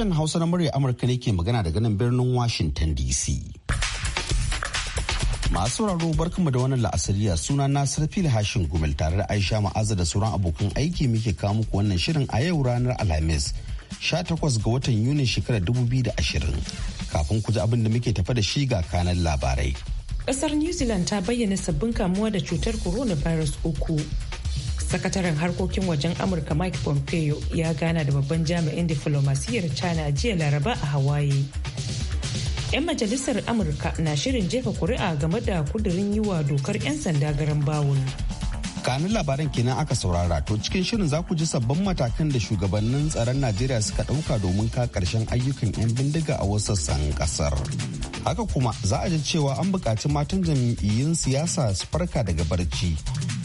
Sashen Hausa na murya Amurka ne ke magana daga nan birnin Washington DC. Masu raro barkanmu da wannan la'asariya suna Nasir Fil Hashin Gumel tare da Aisha Ma'aza da sauran abokan aiki muke kawo muku wannan shirin a yau ranar Alhamis 18 ga watan yuni shekarar 2020. Kafin ku ji abin da muke tafa da shi ga kanan labarai. Kasar New Zealand ta bayyana sabbin kamuwa da cutar coronavirus uku. sakataren harkokin wajen amurka mike pompeo ya gana da babban jami'in diflomasiyyar china jiya laraba a hawaii 'yan majalisar amurka na shirin jefa kuri'a game da kudirin yi wa dokar 'yan sanda garan bawul kanin labaran kenan aka saurara to cikin shirin za ku ji sabbin matakan da shugabannin tsaron najeriya suka ɗauka domin ka karshen ayyukan 'yan bindiga a wasu sassan kasar haka kuma za a ji cewa an bukaci matan jam'iyyun siyasa su farka daga barci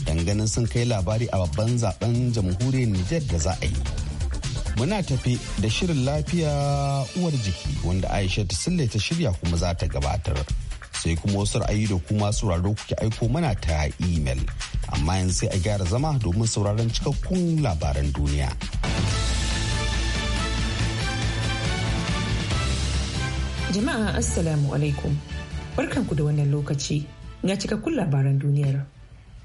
don ganin sun kai labari a babban zaben jamhuriyar Nijar da za a yi. Muna tafi da shirin lafiya uwar jiki wanda Aisha ta sille ta shirya kuma za ta gabatar. Sai kuma wasu ra'ayi da kuma sauraro kuke aiko mana ta imel. Amma yanzu sai a gyara zama domin sauraron cikakkun labaran duniya. Jama'a Assalamu alaikum. Barkanku da wannan lokaci. Ga cikakkun labaran duniyar.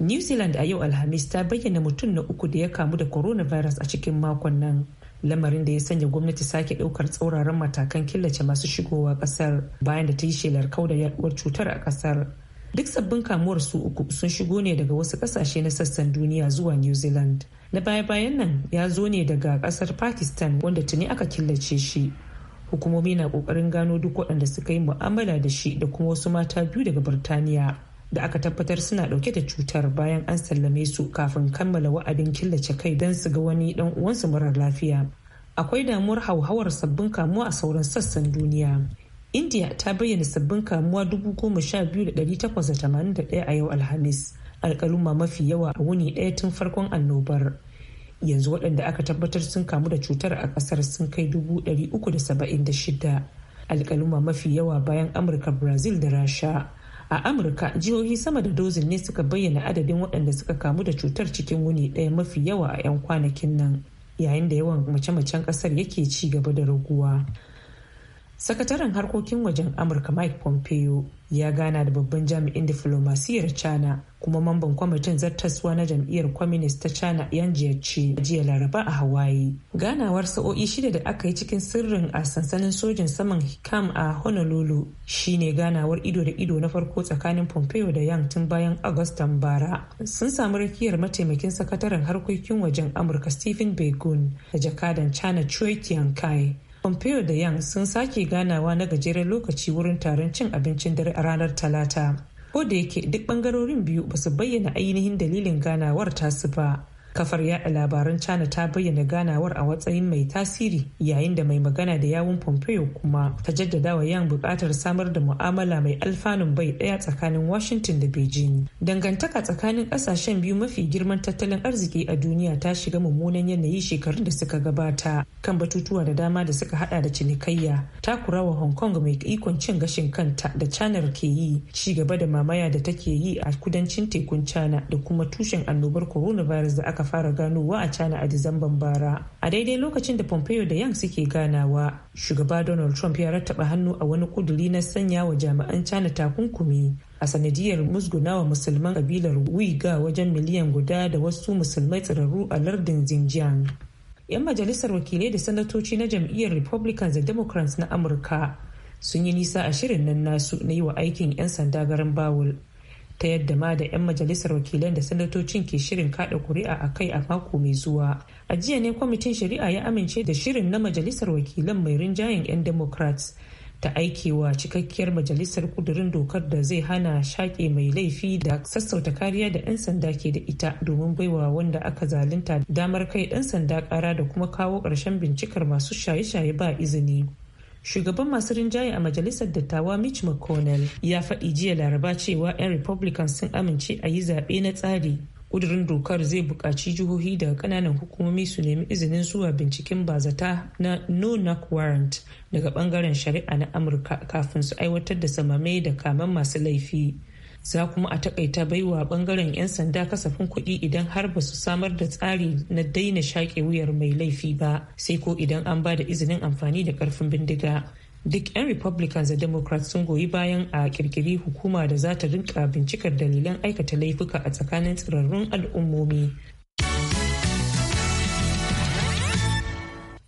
new zealand a yau alhamis ta bayyana mutum na uku da ya kamu da coronavirus a cikin makon nan lamarin da ya sanya gwamnati sake daukar tsauraran matakan killace masu shigowa kasar bayan da ta yi shelar kauda yaduwar cutar a kasar duk sabbin kamuwar su uku sun shigo ne daga wasu kasashe na sassan duniya zuwa new zealand na baya-bayan nan ya zo ne daga kasar pakistan wanda tuni aka killace shi hukumomi na kokarin gano duk waɗanda suka yi mu'amala da shi da kuma wasu mata biyu daga birtaniya da aka tabbatar suna dauke da cutar bayan an sallame su kafin kammala wa'adin killace kai don su ga wani dan uwansu marar lafiya akwai damuwar hauhawar sabbin kamuwa a sauran sassan duniya india ta bayyana sabbin kamuwa dubu da da 12,881 a yau alhamis alkaluma mafi yawa a wuni daya tun farkon annobar yanzu waɗanda aka tabbatar sun kamu da cutar a ƙasar sun kai dubu uku da da saba'in shida alkaluma mafi yawa bayan amurka brazil da rasha a amurka jihohi sama da dozin ne suka bayyana adadin waɗanda suka kamu da cutar cikin wuni ɗaya mafi yawa a 'yan kwanakin nan yayin da yawan mace-macen ƙasar yake ci gaba da raguwa sakataren harkokin wajen amurka mike pompeo ya gana da babban jami'in diflomasiyyar china kuma mamban kwamitin zartaswa na jam'iyyar communist ta china yan a jiya laraba a hawaii ganawar sa'o'i shida da aka yi cikin sirrin a sansanin sojin saman hikam a honolulu shine ganawar ido da ido na farko tsakanin pompeo da yang tun bayan agustan bara sun samu rakiyar mataimakin sakataren harkokin wajen amurka stephen begun da jakadan china choi kai pompeo da yang sun sake ganawa na gajeren lokaci wurin taron cin abincin dare a ranar talata ko da yake duk bangarorin biyu ba su bayyana ainihin dalilin ganawar tasu ba kafar yada labaran china ta bayyana ganawar a matsayin mai tasiri yayin da mai magana da yawun pompeo kuma ta jaddada wa yan bukatar samar da mu'amala mai alfanun bai daya tsakanin washington da beijing dangantaka tsakanin kasashen biyu mafi girman tattalin arziki a duniya ta shiga mummunan yanayi shekarun da suka gabata kan batutuwa da dama da suka hada da cinikayya ta wa hong kong mai ikon cin gashin kanta da canar ke yi ci gaba da mamaya da take yi a kudancin tekun china da kuma tushen annobar coronavirus da aka aka fara ganowa a China a Disamban bara. A daidai lokacin da Pompeo da Yang suke ganawa, shugaba Donald Trump ya rattaba hannu a wani kuduri na sanya wa jami'an China takunkumi a sanadiyar musgunawa musulman kabilar Uighur wajen miliyan guda da wasu musulmai tsirarru a lardin Xinjiang. 'Yan majalisar wakilai da sanatoci na jam'iyyar Republicans da Democrats na Amurka sun yi nisa a shirin nan nasu na yi wa aikin 'yan sanda garin Bawul. ta yadda ma da 'yan majalisar wakilan da sanatocin ke shirin kada kuri'a a kai a mako mai zuwa a jiya ne kwamitin shari'a ya amince da shirin na majalisar wakilan mai rinjayen 'yan democrats ta aikewa cikakkiyar majalisar kudurin dokar da zai hana shaƙe mai laifi da sassauta kariya da 'yan sanda ke da ita domin baiwa wanda aka zalunta damar kai 'yan sanda ƙara da kuma kawo ƙarshen bincikar masu shaye-shaye ba izini shugaban masu rinjaye a majalisar dattawa mitch mcconnell ya faɗi jiya laraba cewa 'yan republican sun amince a yi zaɓe na tsari ƙudurin dokar zai buƙaci jihohi daga ƙananan hukumomi su nemi izinin zuwa binciken bazata na no knock warrant daga ɓangaren shari'a na amurka kafin su aiwatar da samame da kaman masu laifi za kuma a takaita baiwa bangaren 'yan sanda kasafin kuɗi idan har ba su samar da tsari na daina shaƙe wuyar mai laifi ba sai ko idan an ba da izinin amfani da karfin bindiga duk 'yan republicans da democrats sun goyi bayan a kirkiri hukuma da za ta rinka bincikar dalilan aikata laifuka a tsakanin tsirarrun al'ummomi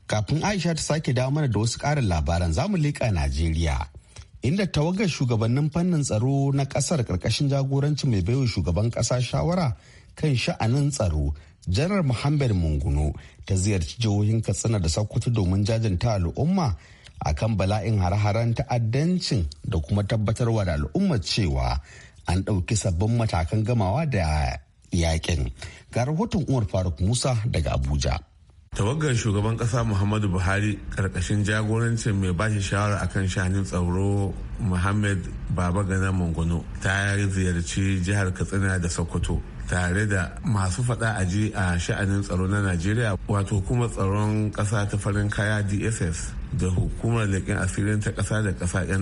kafin aisha ta sake dawo mana da wasu ƙarin labaran zamu leƙa najeriya inda tawagar shugabannin fannin tsaro na kasar karkashin jagoranci mai baiwa shugaban kasa shawara kan sha'anin tsaro janar muhammad munguno ta ziyarci jihohin katsina da sokoto domin jajanta al'umma akan bala'in hare-haren ta'addancin da kuma tabbatarwa da al'umma cewa an ɗauki sabbin matakan gamawa da yakin ga rahoton umar faruk musa daga abuja tawagar shugaban kasa muhammadu buhari karkashin jagorancin mai bashi shawara akan shanin tsaro muhammad baba gana mangono ta ziyarci jihar katsina da sokoto tare da masu faɗa a ji a sha'anin tsaro na najeriya wato kuma tsaron ƙasa ta farin kaya dss da hukumar leƙen asirin ta ƙasa da ƙasa nia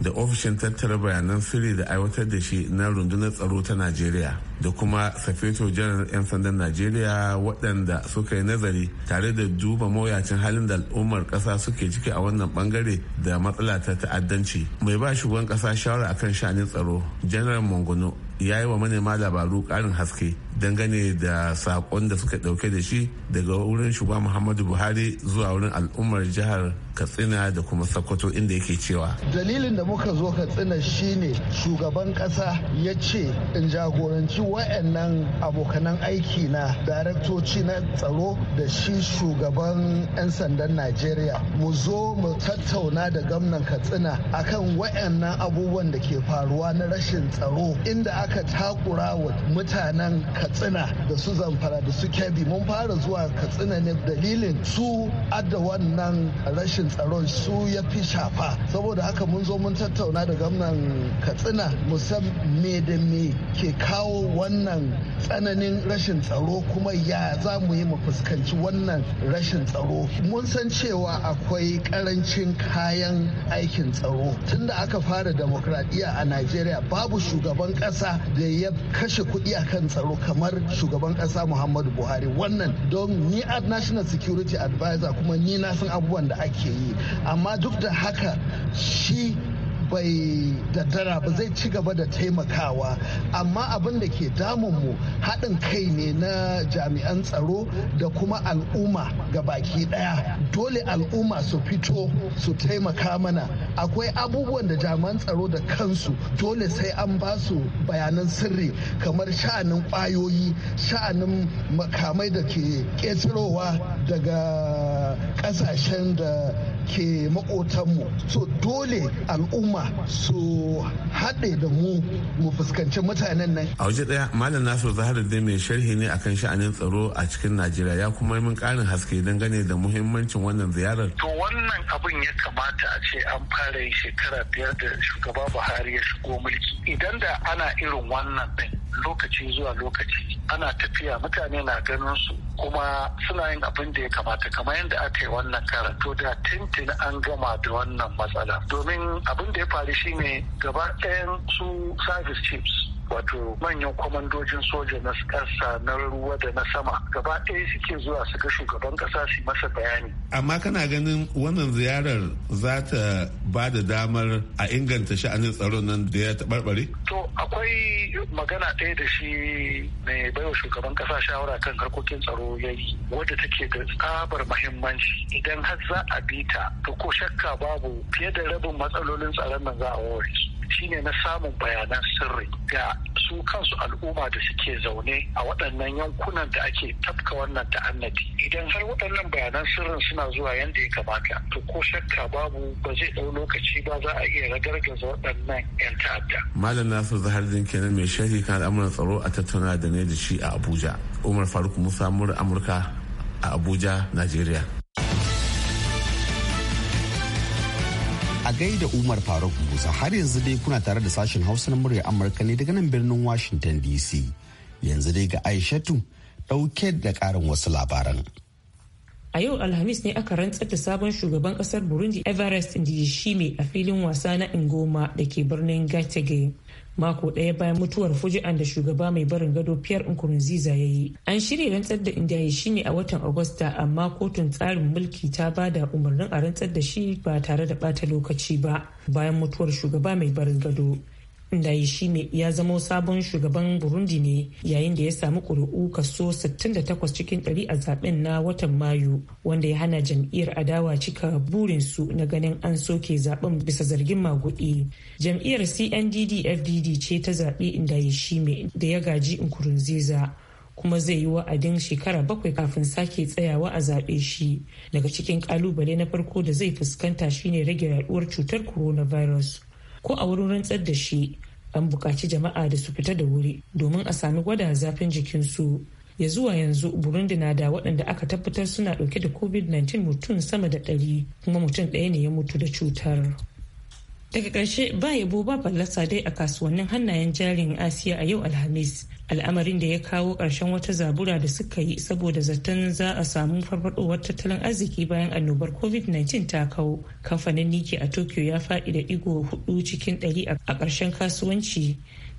da ofishin tattara bayanan sirri da aiwatar da shi na rundunar tsaro ta najeriya da kuma safeto janar 'yan sandan najeriya waɗanda suka yi nazari tare da duba mawuyacin halin da al'ummar ƙasa suke ciki a wannan bangare da matsala ta ta'addanci mai ba shugaban ƙasa shawara akan sha'anin tsaro janar mongono ya yi wa manema labaru karin haske dangane da sakon da suka dauke da shi daga wurin shugaba muhammadu buhari zuwa wurin al'ummar jihar katsina da kuma sokoto inda yake cewa dalilin da muka zo katsina shine shugaban kasa ya ce in jagoranci wa'annan abokanan aiki na daraktoci na tsaro da shi shugaban 'yan sandan najeriya mu zo mu tattauna da gamnan katsina akan wa'annan abubuwan da ke faruwa na rashin tsaro inda aka takura wa mutanen katsina da su zamfara da su kebbi mun fara zuwa katsina ne dalilin su adda wannan rashin tsaron su ya fi shafa saboda haka mun zo mun tattauna da gwamnan katsina musam me da me ke kawo wannan tsananin rashin tsaro kuma ya za mu yi mu fuskanci wannan rashin tsaro mun san cewa akwai karancin kayan aikin tsaro tunda aka fara demokradiyya a najeriya babu shugaban kasa da ya kashe kuɗi akan tsaro kamar shugaban kasa muhammadu buhari wannan don ni national security advisor kuma ni na san abubuwan da ake yi amma duk da haka shi bai daddara ba zai ci gaba da taimakawa amma abin da ke mu haɗin kai ne na jami'an tsaro da kuma al'umma ga baki ɗaya dole al'umma su fito su taimaka mana akwai abubuwan da jami'an tsaro da kansu dole sai an ba su bayanan sirri kamar sha'anin ƙwayoyi sha'anin makamai da ke ƙetarowa daga ƙasashen da ke maƙotanmu so dole al'umma al'umma su haɗe da mu mu fuskanci mutanen nan a waje ɗaya malam nasiru zaharuddin mai sharhi ne akan sha'anin tsaro a cikin najeriya ya kuma yi min ƙarin haske dangane da muhimmancin wannan ziyarar to wannan abin ya kamata a ce an fara yi shekara biyar da shugaba buhari ya shigo mulki idan da ana irin wannan ɗin lokaci zuwa lokaci ana tafiya mutane na ganin su kuma suna yin abin da ya kamata kamar yadda aka yi wannan to da tintin an gama da wannan matsala domin abin da ya faru shine gaba ɗayan su service chiefs wato manyan kwamandojin soja na ƙasa na ruwa da na sama gaba ɗaya suke zuwa su ga shugaban ƙasa su masa bayani. Amma kana ganin wannan ziyarar za ta ba da damar a inganta sha'anin tsaron nan da ya taɓarɓare? To akwai magana ɗaya da shi mai baiwa shugaban ƙasa shawara kan harkokin tsaro ya yi wadda take da tsabar mahimmanci idan har za a bi ta to ko shakka babu fiye da rabin matsalolin tsaron nan za a ware shine na samun bayanan sirri ga su kansu al'umma da suke zaune a waɗannan yankunan da ake tafka wannan ta'annati idan har waɗannan bayanan sirrin suna zuwa yadda ya kamata to ko shakka babu ba zai ɗau lokaci ba za a iya ragargaza waɗannan 'yan ta'adda. malam nasir zahar kenan mai sharhi kan al'amuran tsaro a tattauna da ne da shi a abuja umar faruk musa mura amurka a abuja najeriya. A gaida Umar Faruk Musa har yanzu dai kuna tare da sashen Hausa na murya Amurka ne daga nan birnin Washington DC. Yanzu dai ga Aishatu ɗauke da ƙarin wasu labaran. A yau Alhamis ne aka rantsar da sabon shugaban kasar Burundi Everest Ndiyishime a filin wasa na Ingoma da ke birnin Gatege. mako ɗaya bayan mutuwar fuji'an da shugaba mai barin gado pierre nkurunziza ya yi an shirya rantsar da indiya shi ne a watan agusta amma kotun tsarin mulki ta ba da umarnin a rantsar da shi ba tare da ɓata lokaci ba bayan mutuwar shugaba mai barin gado Ndayishimiye ya zamo sabon shugaban Burundi ne yayin da ya samu kuri'u kaso 68 cikin 100 a zaben na watan Mayu wanda ya hana jam'iyyar adawa cika burinsu na ganin an soke zaben bisa zargin maguɗi. Jam'iyyar CNDD-FDD ce ta zaɓi mai da ya gaji Nkurunziza. kuma zai yi wa'adin shekara bakwai kafin sake tsayawa a zaɓe shi daga cikin kalubale na farko da zai fuskanta shine rage yaduwar cutar coronavirus ko a wurin rantsar da shi an buƙaci jama'a da su fita da wuri domin a sami gwada zafin jikinsu ya zuwa yanzu burundi na da waɗanda aka tabbatar suna ɗauke da covid-19 mutum sama da ɗari kuma mutum ɗaya ne ya mutu da cutar daga ƙarshe ba yabo ba fallasa dai a kasuwannin hannayen jarin asiya a yau alhamis al'amarin da ya kawo ƙarshen wata zabura da suka yi saboda zaton za a samu farfadowar tattalin arziki bayan annobar covid-19 ta kawo kamfanin niki a tokyo ya faɗi da digo hudu cikin ɗari a ƙarshen kasuwanci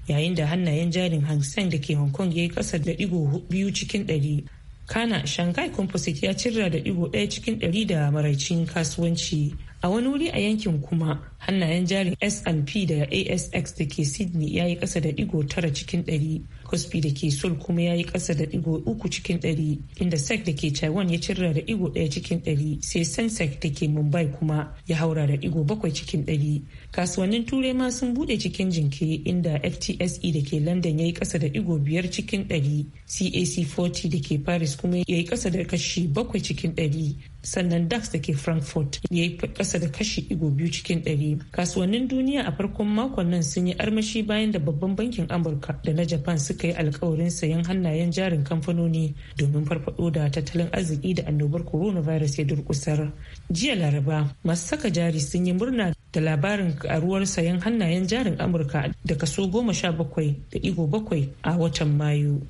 yayin da hannayen jarin hang da ke hong kong ya yi ƙasa da digo biyu cikin ɗari kana shanghai composite ya cirra da digo ɗaya cikin ɗari da maraicin kasuwanci a wani wuri a yankin kuma hannayen jarin snp da asx da ke sydney ya yi kasa da digo tara cikin ɗari cosby da ke sol kuma ya yi kasa da digo uku cikin ɗari inda sec da ke taiwan ya cirra da digo ɗaya cikin ɗari sai sensec da ke mumbai kuma ya haura da digo bakwai cikin ɗari kasuwannin turai ma sun bude cikin jinke inda ftse da ke london ya yi kasa da digo biyar cikin ɗari cac 40 da ke paris kuma ya yi kasa da kashi bakwai cikin ɗari sannan dax da ke frankfurt ya yi kasa da kashi igo biyu cikin ɗari kasuwannin duniya a farkon makon nan sun yi armashi bayan da babban bankin amurka da na japan suka yi alkawarin sayan hannayen jarin kamfanoni domin farfado da tattalin arziki da annobar coronavirus ya durkusar jiya laraba masu saka jari sun yi murna da labarin karuwar sayan hannayen jarin amurka da kaso goma sha bakwai da igo bakwai a watan mayu.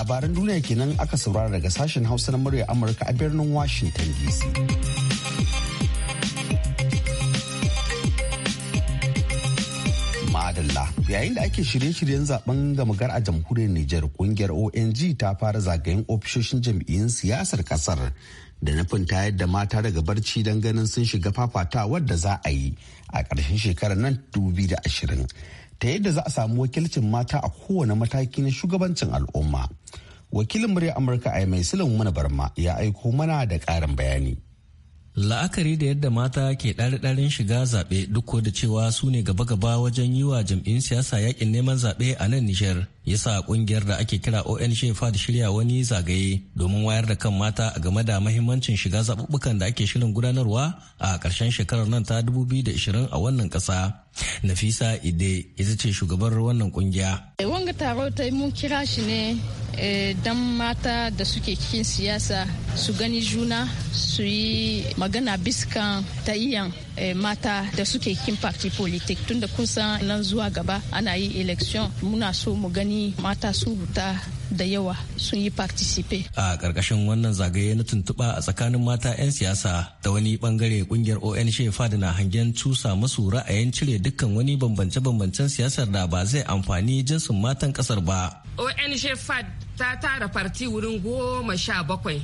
labaran duniya kenan aka saurara daga sashen hausa na murya amurka a birnin washington dc ma'adalla yayin da ake shirye-shiryen zaben gamagar a jamhuriyar nijar kungiyar ong ta fara zagayen ofishoshin jam'iyyun siyasar kasar da nufin ta yadda mata daga barci don ganin sun shiga fafata wadda za a yi a ƙarshen shekarar nan 2020 ta yadda za a samu wakilcin mata a kowane mataki na shugabancin al'umma wakilin murya amurka a mai silin mana barma ya aiko mana da karin bayani la'akari da yadda mata ke ɗari-ɗarin shiga zaɓe duk da cewa su ne gaba-gaba wajen yi wa jam'in siyasa yaƙin neman zaɓe a nan nijar yasa kungiyar da ake kira onc FAD shirya wani zagaye domin wayar da kan mata a game da mahimmancin shiga zaɓuɓɓukan da ake shirin gudanarwa a ƙarshen shekarar nan ta 2020 a wannan ƙasa. Nafisa Ide ita ce shugabar wannan kungiya. Eh, wanga taro ta mun kira shi ne eh, dan mata da suke cikin siyasa su gani juna su yi magana biskan ta Eh, mata da suke kin party politik tunda kusan nan zuwa gaba ana yi election muna so mu gani mata su huta da yawa sun yi participe. A ƙarƙashin wannan zagaye na tuntuɓa a tsakanin mata 'yan siyasa da wani ɓangare ƙungiyar ONC Shefa na hangen cusa masu ra'ayin cire dukkan wani bambance-bambancen siyasar da ba zai amfani jinsin matan ƙasar ba. ONC Fad ta tara farti wurin goma sha bakwai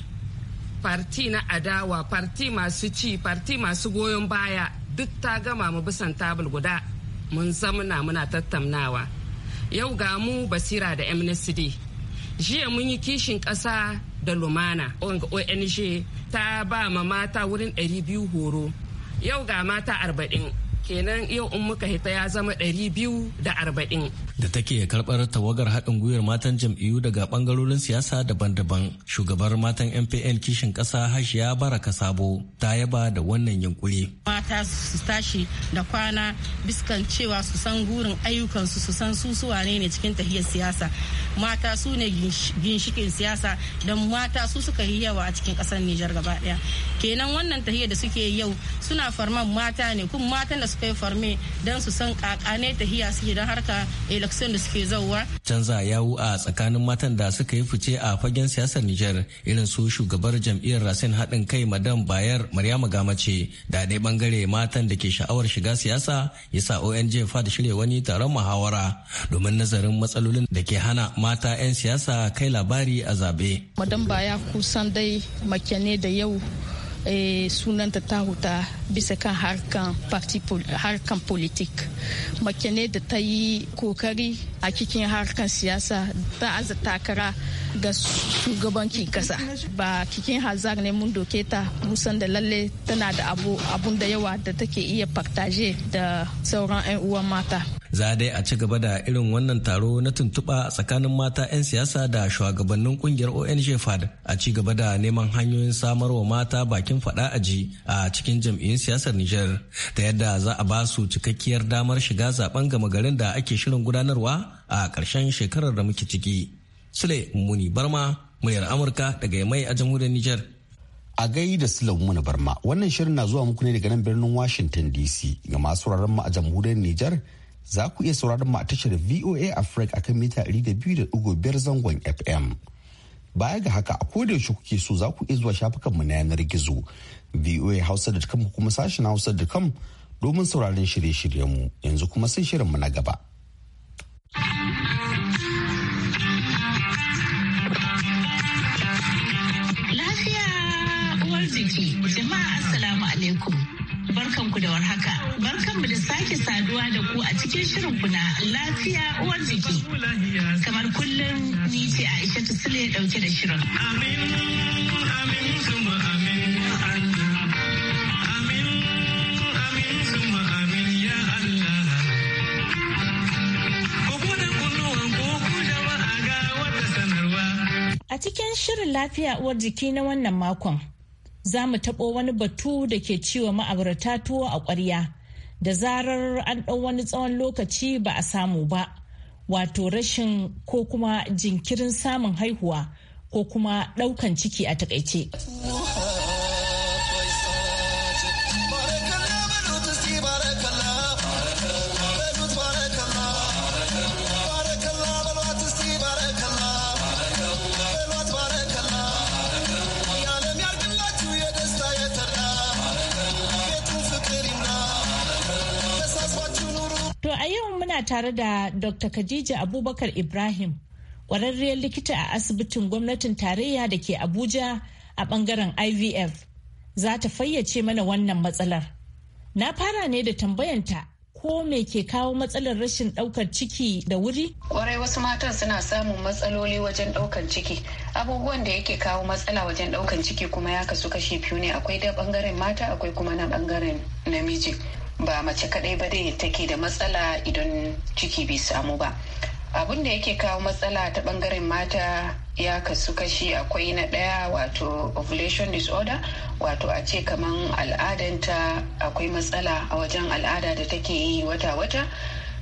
farti na adawa farti masu ci farti masu goyon baya duk ta gama mu bisan tabul guda mun zamuna muna tattaunawa yau ga mu basira da MNSD jiya mun yi kishin ƙasa da lumana ong ta ba ma mata wurin 200 horo yau ga mata 40 kenan yau in muka hita ya zama 240 da take karbar tawagar haɗin gwiwar matan jam'iyyu daga bangarorin siyasa daban-daban shugabar matan mpn kishin ƙasa hashiya baraka sabo ta yaba da wannan yunkuri mata su tashi da kwana biskan cewa su san gurin ayyukansu su san su su ne cikin tahiyar siyasa mata su ne ginshikin siyasa don mata su suka yi yawa a cikin ƙasar nijar gaba ɗaya kenan wannan tahiyar da suke yau suna farman mata ne kuma matan da suka yi farme don su san kakane tahiya suke don harka election da suke zauwa. Canza yawu a tsakanin matan da suka yi fice a fagen siyasar Nijar irin su shugabar jam'iyyar Rasin haɗin kai madam Bayar Maryama Gamace da ɗaya bangare matan da ke sha'awar shiga siyasa ya sa ONG FAD shirya wani taron muhawara domin nazarin matsalolin da ke hana mata 'yan siyasa kai labari a zabe. Madam Baya kusan dai makyane da yau sunanta ta huta bisa kan harkan politik makene da ta yi kokari a cikin harkan siyasa ta aza takara ga shugabanci kasa ba kikin hazard ne mun doke ta musan da lalle tana da abu abun da yawa da take iya faktaje da sauran 'yan uwan mata za dai a ci gaba da irin wannan taro na tuntuɓa tsakanin mata 'yan siyasa da shugabannin kungiyar ong fad a ci gaba da neman hanyoyin samarwa mata bakin faɗa aji a cikin jam'iyyun siyasar niger ta yadda za a ba su cikakkiyar damar shiga zaben gama garin da ake shirin gudanarwa a karshen shekarar da muke ciki Sule Muni Barma, muryar Amurka daga Yamai a jamhuriyar Nijar. A gai da Sule Muni Barma, wannan shirin na zuwa muku ne daga nan birnin Washington DC ga masu mu a jamhuriyar Nijar. Za ku iya sauraron mu a tashar VOA Africa akan mita biyar zangon FM. Baya ga haka a kodayaushe kuke so za ku iya zuwa mu na yanar gizo voa hausa da voahausa.com kuma sashen hausa.com domin sauraron shirye-shiryenmu yanzu kuma sai mu na gaba. musulunci. Jama'a Assalamu alaikum. Barkanku da warhaka. Barkanmu da sake saduwa da ku a cikin shirin na lafiya uwar jiki. Kamar kullum ni ce Aisha Tusule ya dauke da shirin. Amin, A cikin shirin lafiya uwar jiki na wannan makon, za mu taɓo wani batu da ke ciwo ma'aurata tuwo a ƙwarya da zarar an ɗau wani tsawon lokaci ba a samu ba wato rashin ko kuma jinkirin samun haihuwa ko kuma ɗaukan ciki a taƙaice. tare da Dr. Khadija Abubakar Ibrahim, ƙwararriyar likita a asibitin gwamnatin tarayya da ke Abuja a ɓangaren IVF. Za ta fayyace mana wannan matsalar. Na fara ne da tambayanta ko me ke kawo matsalar rashin ɗaukar ciki da wuri? Kwarai wasu matan suna samun matsaloli wajen ɗaukar ciki. Abubuwan da yake kawo matsala wajen ɗaukar ciki kuma ya kasu kashi biyu ne akwai da ɓangaren mata akwai kuma na ɓangaren namiji. ba mace kaɗai ba dai take da matsala idan ciki bai samu ba abin da yake kawo matsala ta bangaren mata ya kasu kashi akwai na ɗaya wato ovulation disorder wato a ce kaman al'adanta akwai matsala a wajen al'ada da take yi wata-wata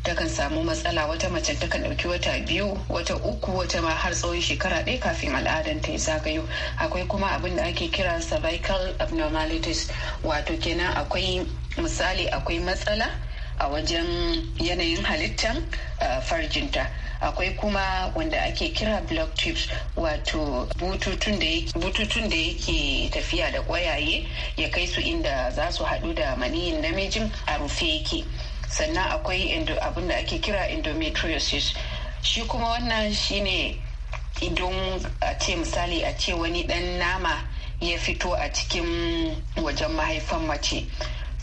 takan samu matsala wata mace takan ɗauki wata biyu wata uku wata ma har tsawon shekara ɗaya kafin al'adan ta yi zagayo akwai kuma abin da ake kira cervical abnormalities wato kenan akwai misali akwai matsala a wajen yanayin halittan farjinta akwai kuma wanda ake kira block tubes wato bututun da yake tafiya da kwayaye ya kai su inda za su haɗu da maniyin namijin a rufe yake sannan akwai abin da ake kira endometriosis shi kuma wannan shine idan a ce misali a ce wani dan nama ya fito a cikin wajen mahaifan mace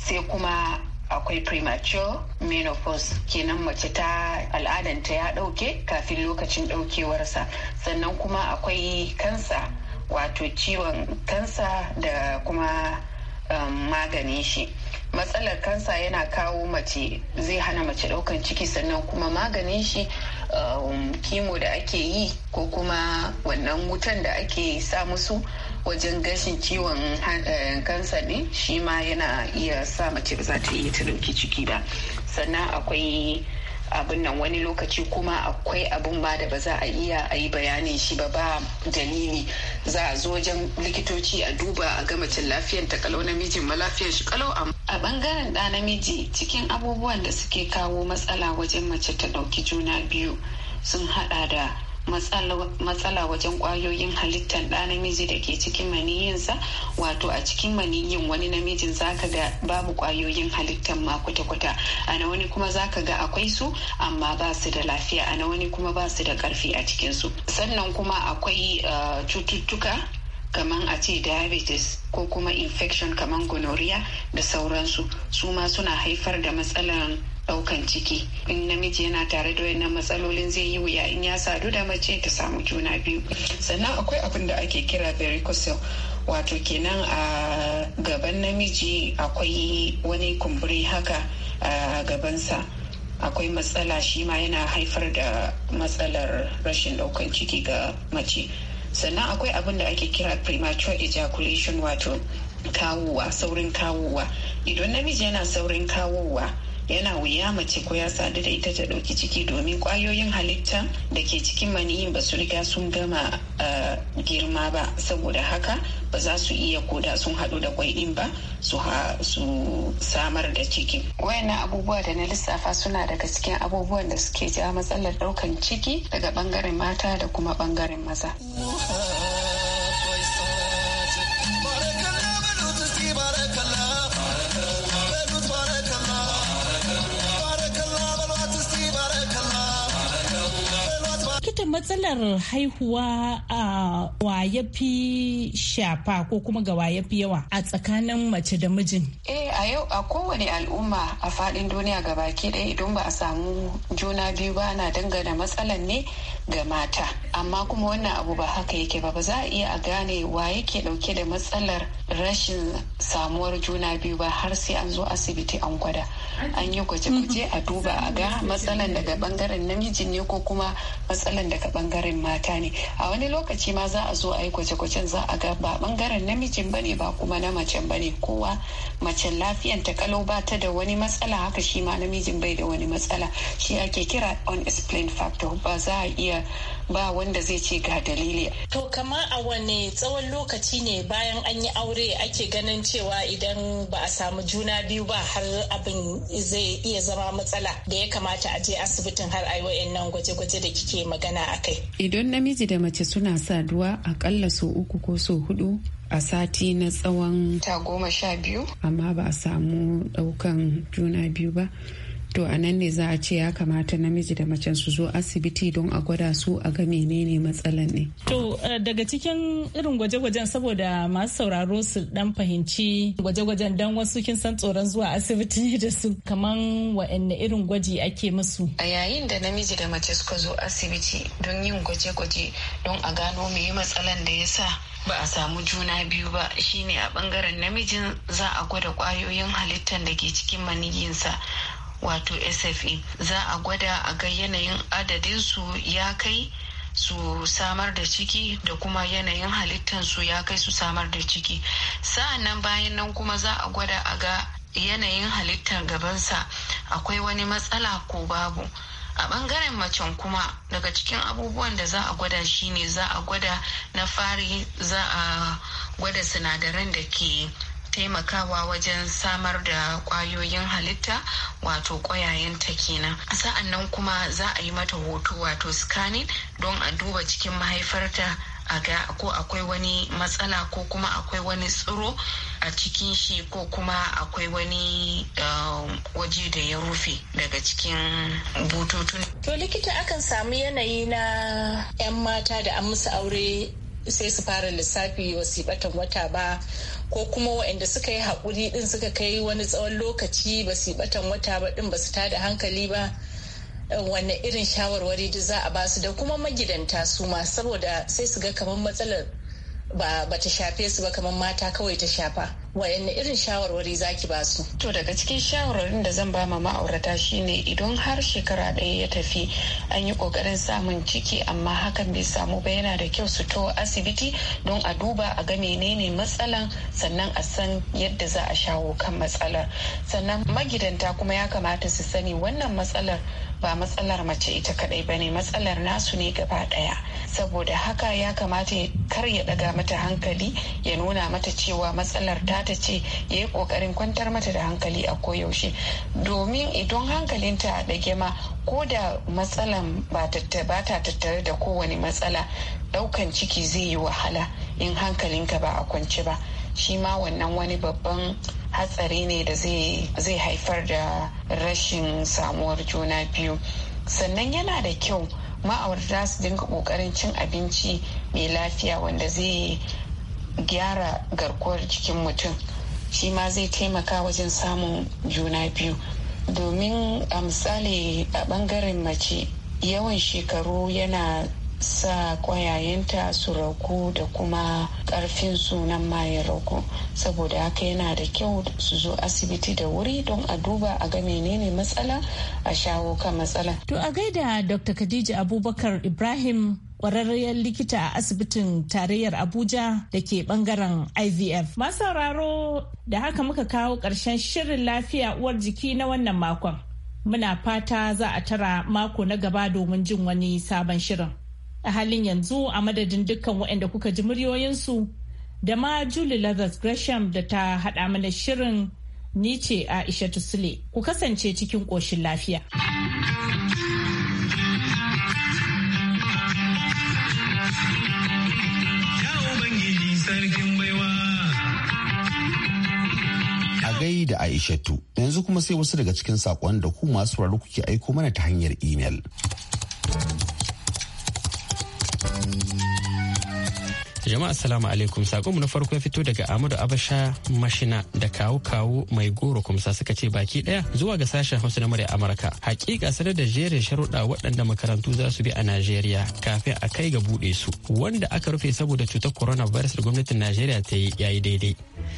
sai kuma akwai premature menopause kenan mace ta al'adanta ya ɗauke kafin lokacin ɗaukewarsa sannan kuma akwai kansa wato ciwon kansa da kuma um, maganin shi matsalar kansa yana kawo mace zai hana mace ɗaukan ciki sannan kuma maganin shi um, kimo da ake yi ko kuma wannan wutan da ake sa musu wajen gashin ciwon eh, kansa ne shi ma yana iya sa mace ba za ta iya ta ɗauki ciki ba sannan akwai abin nan wani lokaci kuma akwai abin ba da ba za a iya a yi bayanin shi ba ba dalili za a zo wajen likitoci a duba a ga mace lafiyar ta kalau namijin ma lafiyar shi kalau a bangaren da namiji cikin abubuwan da suke kawo matsala wajen mace ta ɗauki juna biyu sun haɗa da matsala wajen kwayoyin halittar ɗa namiji da ke cikin maniyinsa wato a cikin maniyin wani namijin zaka ga babu kwayoyin halittar ma kwata-kwata a na wani kuma zaka ga akwai su amma ba su da lafiya a na wani kuma ba su da karfi a cikinsu sannan kuma akwai eh, cututtuka kamar a ce diabetes ko kuma infection kamar gonorrhea da sauransu su ma suna haifar da matsalar daukan ciki in namiji yana tare da matsalolin zai yi wuya in ya sadu da mace ta samu juna biyu sannan akwai abin da ake kira varicocele wato kenan a gaban namiji akwai wani kumburi haka a gabansa akwai matsala shi ma yana haifar da matsalar rashin daukan ciki ga mace sannan akwai abin da ake kira premature ejaculation wato kawowa saurin kawowa idan namiji yana saurin kawowa yana wuya mace ko ya sadu da ita ta dauki ciki domin kwayoyin halitta da ke cikin maniyin ba su riga sun gama girma ba saboda haka ba za su iya koda sun hadu da kwai din ba su samar da ciki. Wayannan abubuwa da na lissafa suna daga cikin abubuwan da suke ja matsalar ɗaukan ciki daga ɓangaren mata da kuma ɓangaren maza. matsalar haihuwa a wa fi shafa ko kuma ga wa fi yawa a tsakanin mace da mijin? Eh a yau a kowane al'umma a faɗin duniya ga baki ɗaya idan ba a samu juna biyu ba na dangana matsalar ne ga mata amma kuma wannan abu ba haka yake ba ba za a iya a gane wa yake dauke da matsalar rashin samuwar juna biyu ba har sai an zo asibiti an gwada an yi gwaje-gwaje a duba a ga matsalan daga bangaren namijin ne ko kuma matsalan daga bangaren mata ne a wani lokaci ma za a zo a yi gwaje-gwajen za a ga ba bangaren namijin ba ne ba kuma na macen ba ne kowa macen lafiyan ta kalau ba ta da wani matsala haka shi ma namijin bai da wani matsala shi ake kira unexplained factor ba za a iya ba wanda zai ce ga dalili. To kama a wane tsawon lokaci ne bayan an yi aure ake ganin cewa idan ba a samu juna biyu ba har abin zai iya zama matsala da ya kamata a je asibitin har a yi nan gwaje-gwaje da kike magana a kai. Idan namiji da mace suna saduwa akalla sau uku ko sau hudu a sati na tsawon ta goma sha biyu amma ba a samu daukan juna biyu ba to a nan ne za a ce ya kamata namiji da macen su zo asibiti don a gwada su a ga menene matsalan ne to eh, daga cikin irin gwaje-gwajen saboda masu sauraro su dan fahimci gwaje-gwajen dan wasu kin san tsoron zuwa asibiti da su kaman wa'anne irin gwaji ake musu a yayin da namiji da mace suka zo asibiti don yin gwaje-gwaje don a gano me matsalan da ya sa ba a samu juna biyu ba shine a bangaren namijin za a gwada kwayoyin halittar da ke cikin maniyinsa wato sfe za a gwada a ga yanayin adadin su ya kai su samar da ciki da kuma yanayin su ya kai su samar da ciki sa'annan bayan nan kuma za a gwada a ga yanayin halittar gabansa akwai wani matsala ko babu a bangaren macen kuma daga cikin abubuwan da za a gwada shine za a gwada na fari za a gwada sinadaran da ke taimakawa wajen samar da kwayoyin halitta wato ta kenan sa'an nan kuma za a yi mata hoto wato scanning don a duba cikin mahaifarta a ga ko akwai wani matsala ko kuma akwai wani tsiro a cikin shi ko kuma akwai wani um, waje da ya rufe daga cikin bututun. To likita akan samu yanayi na 'yan mata da an musu aure sai su fara lissafi wasiɓatan wata ba ko kuma waɗanda suka yi haƙuri ɗin suka kai wani tsawon lokaci ba batan wata ba ɗin ba su tada hankali ba eh, wanne irin shawarwari da za a ba su da kuma magidanta su ma saboda sai su ga kamar matsalar ba bata shafe su ba kamar mata kawai ta shafa wayanne irin shawarwari zaki ba su to daga cikin shawarwarin da zan ba ma ma'aurata shine idan har shekara ɗaya ya tafi an yi kokarin samun ciki amma hakan bai samu ba yana da kyau su to asibiti don a duba a ga menene matsalan sannan a san yadda za a shawo kan matsalar sannan magidanta kuma ya kamata su sani wannan matsalar ba matsalar mace ita kadai bane matsalar nasu ne gaba daya saboda haka ya kamata kar ya daga mata hankali ya nuna mata cewa matsalar ta ta ce ya yi kokarin kwantar mata da hankali a koyaushe domin idan hankalinta a dage ma ko da matsalan ba ta tattare da kowane matsala daukan ciki zai yi wahala in hankalinka ba a kwance ba shi ma wannan wani babban hatsari ne da zai haifar da rashin samuwar juna biyu sannan yana da kyau ma'aurata su dinga kokarin cin abinci mai lafiya wanda zai gyara garkuwar jikin mutum shi ma zai taimaka wajen samun juna biyu domin a misali a bangaren mace yawan shekaru yana sa kwayayenta su rauku da kuma karfin sunan ma ya rauku saboda haka yana da kyau su zo asibiti da wuri don a duba a ga menene matsala a shawo kan matsala. To a gaida Dr. Khadija Abubakar Ibrahim kwararriyar likita a asibitin tarayyar abuja da ke bangaren ivf sauraro da haka muka kawo ƙarshen shirin lafiya uwar jiki na wannan makon muna fata za a tara mako na gaba domin jin wani sabon shirin a halin yanzu a madadin dukkan waɗanda kuka ji muryoyinsu da ma Julie Lazarus Gresham da ta haɗa mana shirin ni ce Aisha Sule ku kasance cikin ƙoshin lafiya. gai da Aishatu yanzu kuma sai wasu daga cikin saƙon da ku masu kuke aiko mana ta hanyar imel. Thank you. jama'a salamu alaikum sakonmu na farko ya fito daga amadu abasha mashina da kawo kawo mai goro kumsa suka ce baki daya zuwa ga sashen hausa na murya amurka hakika sanar da jerin sharuɗa waɗanda makarantu za su bi a najeriya kafin a kai ga buɗe su wanda aka rufe saboda cutar coronavirus da gwamnatin najeriya ta yi yayi daidai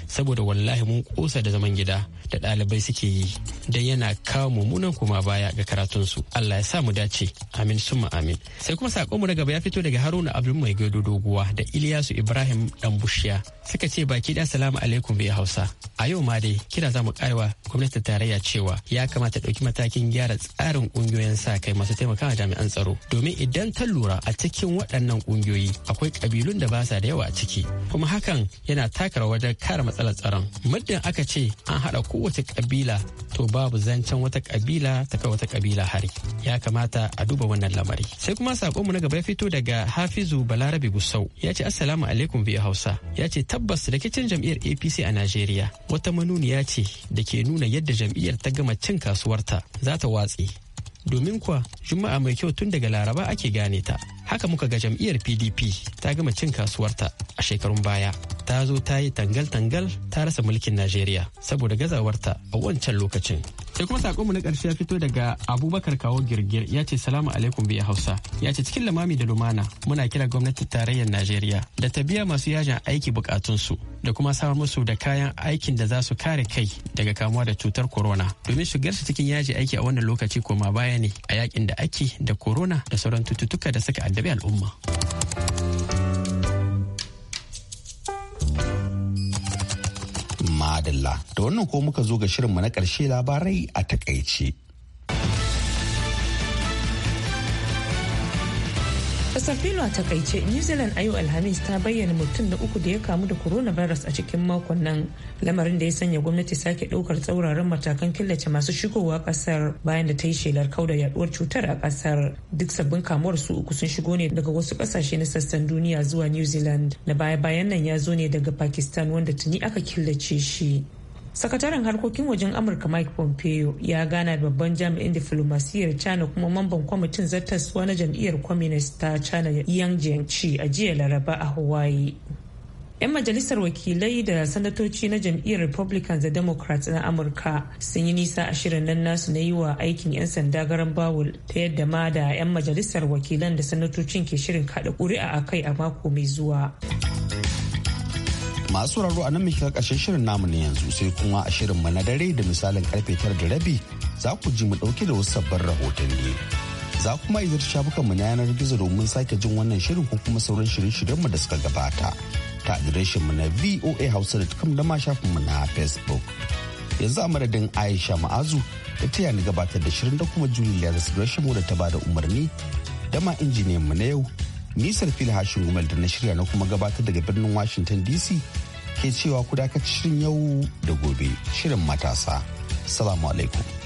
saboda wallahi mun kosa da zaman gida da ɗalibai suke yi dan yana kawo mummunan kuma baya ga karatunsu allah ya sa mu dace amin summa amin sai kuma sakonmu na gaba ya fito daga haruna abdul mai gado doguwa da iliya su Ibrahim dan bushiya suka ce baki da salamu alaikum bai Hausa. A yau ma dai kira zamu mu karewa gwamnatin tarayya cewa ya kamata ɗauki matakin gyara tsarin kungiyoyin sa kai masu taimakawa jami'an tsaro. Domin idan ta lura a cikin waɗannan kungiyoyi akwai kabilun da ba sa da yawa a ciki. Kuma hakan yana taka rawa wajen kare matsalar tsaron. Muddin aka ce an haɗa kowace kabila to babu zancen wata kabila ta kai wata kabila hari. Ya kamata a duba wannan lamari. Sai kuma saƙonmu na gaba ya fito daga Hafizu Balarabe Gusau ya ce assalamu alaikum biyu hausa ya ce tabbas rikicin jam'iyyar apc a najeriya wata manuniya ce da ke nuna yadda jam'iyyar ta gama cin kasuwarta za ta watse domin kuwa juma'a mai kyau tun daga laraba ake gane ta haka muka ga jam'iyyar pdp ta gama cin kasuwarta a shekarun baya ta zo ta yi tangal-tangal ta rasa mulkin najeriya saboda gazawarta a wancan lokacin sai kuma sakonmu na ƙarshe ya fito daga abubakar kawo girgir ya ce salamu alaikum biya hausa ya ce cikin lamami da lumana muna kira gwamnatin tarayyar najeriya da ta biya masu yajin aiki bukatunsu da kuma samar musu da kayan aikin da za su kare kai daga kamuwa da cutar corona domin shigar cikin yaji aiki a wannan lokaci koma baya ne a yakin da ake da corona da sauran tututtuka da suka addabi al'umma. Madalla, da wannan ko muka zo ga shirinmu na ƙarshe labarai a takaice. kasar filo a takaice New Zealand ayo Alhamis ta bayyana mutum na uku da ya kamu da coronavirus a cikin makon nan lamarin da ya sanya gwamnati sake daukar tsauraran matakan killace masu shigowa kasar bayan da ta yi shelar kauda yaduwar cutar a kasar duk sabbin kamuwar su uku sun shigo ne daga wasu kasashe na sassan duniya zuwa New Zealand na baya bayan nan ya zo ne daga Pakistan wanda tuni aka killace shi. sakataren harkokin wajen amurka mike pompeo ya gana da babban jami'in diflomasiyyar china kuma mamban kwamitin zartaswa na jam'iyyar communist ta china yang jiangchi a jiya laraba a hawaii 'yan majalisar wakilai da sanatoci na jam'iyyar republicans da democrats na amurka sun yi nisa a shirin nan nasu na yi wa aikin 'yan sanda garan bawul ta yadda ma da 'yan majalisar wakilan da sanatocin ke shirin kaɗa ƙuri'a a kai a mako mai zuwa. masu sauraro a nan muke karkashin shirin namu ne yanzu sai kuma a shirin mu na dare da misalin karfe tara da rabi za ku ji mu dauke da wasu sabbin rahotanni za kuma yi zata shafukan mu na yanar gizo domin sake jin wannan shirin ko kuma sauran shirye-shiryen mu da suka gabata ta adireshin mu na voa hausa da tukam da ma shafin mu na facebook yanzu a madadin aisha ma'azu da ta ni gabatar da shirin da kuma julia restoration da ta bada umarni da ma injiniyan mu na yau nisar fili hashin gumal da na shirya na kuma gabatar daga birnin washington dc ke cewa ku dakaci yau da gobe shirin matasa. Salamu alaikum.